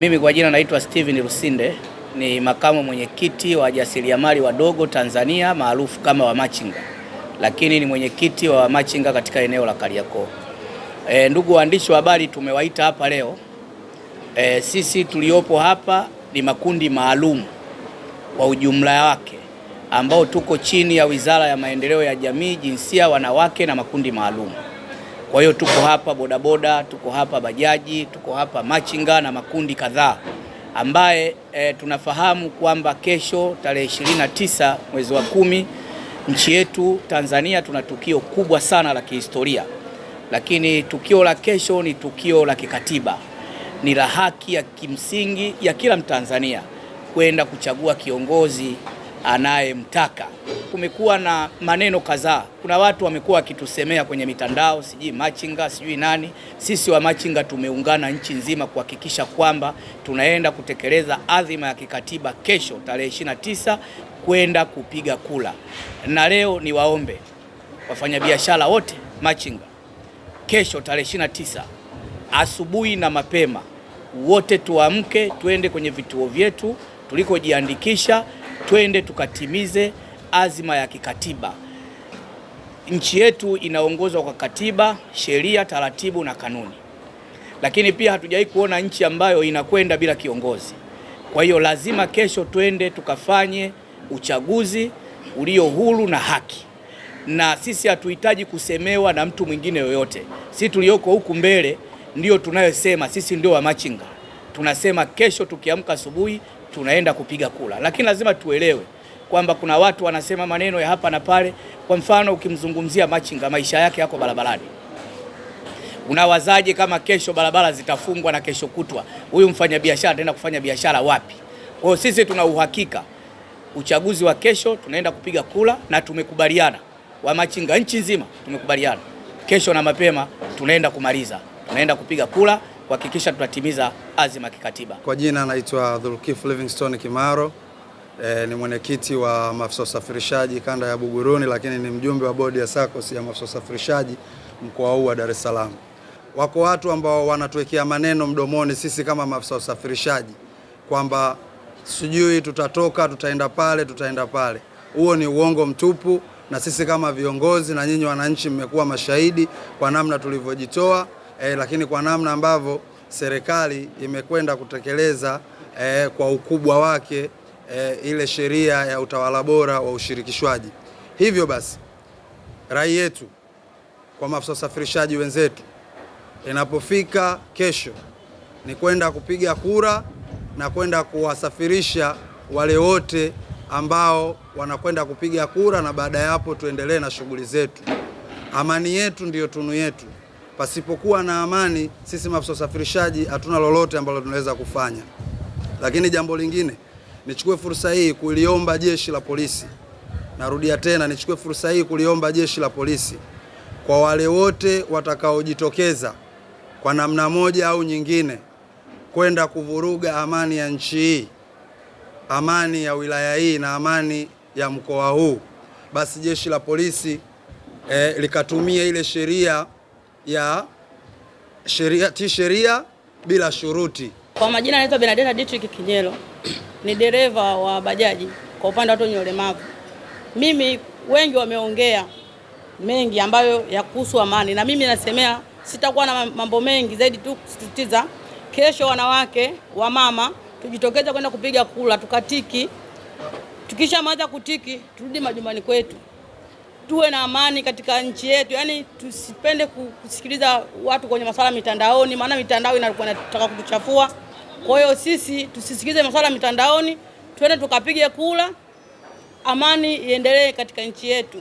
Mimi kwa jina naitwa Steven Lusinde, ni makamu mwenyekiti wa wajasiriamali wadogo Tanzania maarufu kama wamachinga, lakini ni mwenyekiti wa wamachinga katika eneo la Kariakoo. E, ndugu waandishi wa habari, tumewaita hapa leo e, sisi tuliopo hapa ni makundi maalum kwa ujumla wake ambao tuko chini ya Wizara ya Maendeleo ya Jamii, Jinsia, Wanawake na Makundi Maalum. Kwa hiyo tuko hapa bodaboda, tuko hapa bajaji, tuko hapa machinga na makundi kadhaa ambaye e, tunafahamu kwamba kesho tarehe 29 mwezi wa kumi nchi yetu Tanzania tuna tukio kubwa sana la kihistoria, lakini tukio la kesho ni tukio la kikatiba, ni la haki ya kimsingi ya kila Mtanzania kwenda kuchagua kiongozi anayemtaka. Kumekuwa na maneno kadhaa, kuna watu wamekuwa wakitusemea kwenye mitandao, sijui machinga, sijui nani. Sisi wa machinga tumeungana nchi nzima kuhakikisha kwamba tunaenda kutekeleza adhima ya kikatiba kesho, tarehe 29 kwenda kupiga kula, na leo ni waombe wafanyabiashara wote machinga, kesho tarehe 29 asubuhi na mapema, wote tuamke, tuende kwenye vituo vyetu tulikojiandikisha twende tukatimize azima ya kikatiba. Nchi yetu inaongozwa kwa katiba, sheria, taratibu na kanuni, lakini pia hatujawahi kuona nchi ambayo inakwenda bila kiongozi. Kwa hiyo lazima kesho twende tukafanye uchaguzi ulio huru na haki, na sisi hatuhitaji kusemewa na mtu mwingine yoyote. Sisi tulioko huku mbele ndio tunayosema, sisi ndio wamachinga tunasema kesho tukiamka asubuhi tunaenda kupiga kula, lakini lazima tuelewe kwamba kuna watu wanasema maneno ya hapa na pale. Kwa mfano, ukimzungumzia Machinga, maisha yake yako barabarani. Unawazaje kama kesho barabara zitafungwa na kesho kutwa huyu mfanyabiashara ataenda kufanya biashara wapi? Kwa hiyo sisi tuna uhakika uchaguzi wa kesho tunaenda kupiga kula, na tumekubaliana machinga nchi nzima, tumekubaliana kesho na mapema tunaenda kumaliza, tunaenda kupiga kula kuhakikisha tunatimiza azima kikatiba. Kwa jina naitwa Dhulkif Livingstone Kimaro. E, ni mwenyekiti wa maafisa usafirishaji kanda ya Buguruni, lakini ni mjumbe wa bodi ya SACCOS ya maafisa usafirishaji mkoa huu wa Dar es Salaam. Wako watu ambao wanatuwekea maneno mdomoni sisi kama maafisa usafirishaji kwamba sijui tutatoka, tutaenda pale, tutaenda pale. Huo ni uongo mtupu, na sisi kama viongozi na nyinyi wananchi mmekuwa mashahidi kwa namna tulivyojitoa e, lakini kwa namna ambavyo serikali imekwenda kutekeleza e, kwa ukubwa wake e, ile sheria ya utawala bora wa ushirikishwaji. Hivyo basi rai yetu kwa maafisa usafirishaji wenzetu inapofika kesho ni kwenda kupiga kura na kwenda kuwasafirisha wale wote ambao wanakwenda kupiga kura, na baada ya hapo tuendelee na shughuli zetu. Amani yetu ndiyo tunu yetu. Pasipokuwa na amani, sisi maafisa usafirishaji hatuna lolote ambalo tunaweza kufanya. Lakini jambo lingine, nichukue fursa hii kuliomba jeshi la polisi, narudia tena, nichukue fursa hii kuliomba jeshi la polisi kwa wale wote watakaojitokeza kwa namna moja au nyingine kwenda kuvuruga amani ya nchi hii, amani ya wilaya hii na amani ya mkoa huu, basi jeshi la polisi eh, likatumia ile sheria ya sheria ti sheria bila shuruti. Kwa majina anaitwa Benadetta Dietrich Kinyelo, ni dereva wa bajaji kwa upande wa watu wenye ulemavu. Mimi wengi wameongea mengi ambayo ya kuhusu amani, na mimi nasemea sitakuwa na mambo mengi zaidi tu kusisitiza, kesho wanawake wa mama tujitokeze kwenda kupiga kula, tukatiki. Tukishamaliza kutiki, turudi majumbani kwetu tuwe na amani katika nchi yetu, yaani tusipende kusikiliza watu kwenye masuala mitandaoni, maana mitandao inakuwa inataka kutuchafua. Kwa hiyo sisi tusisikilize masuala mitandaoni, tuende tukapige kula, amani iendelee katika nchi yetu.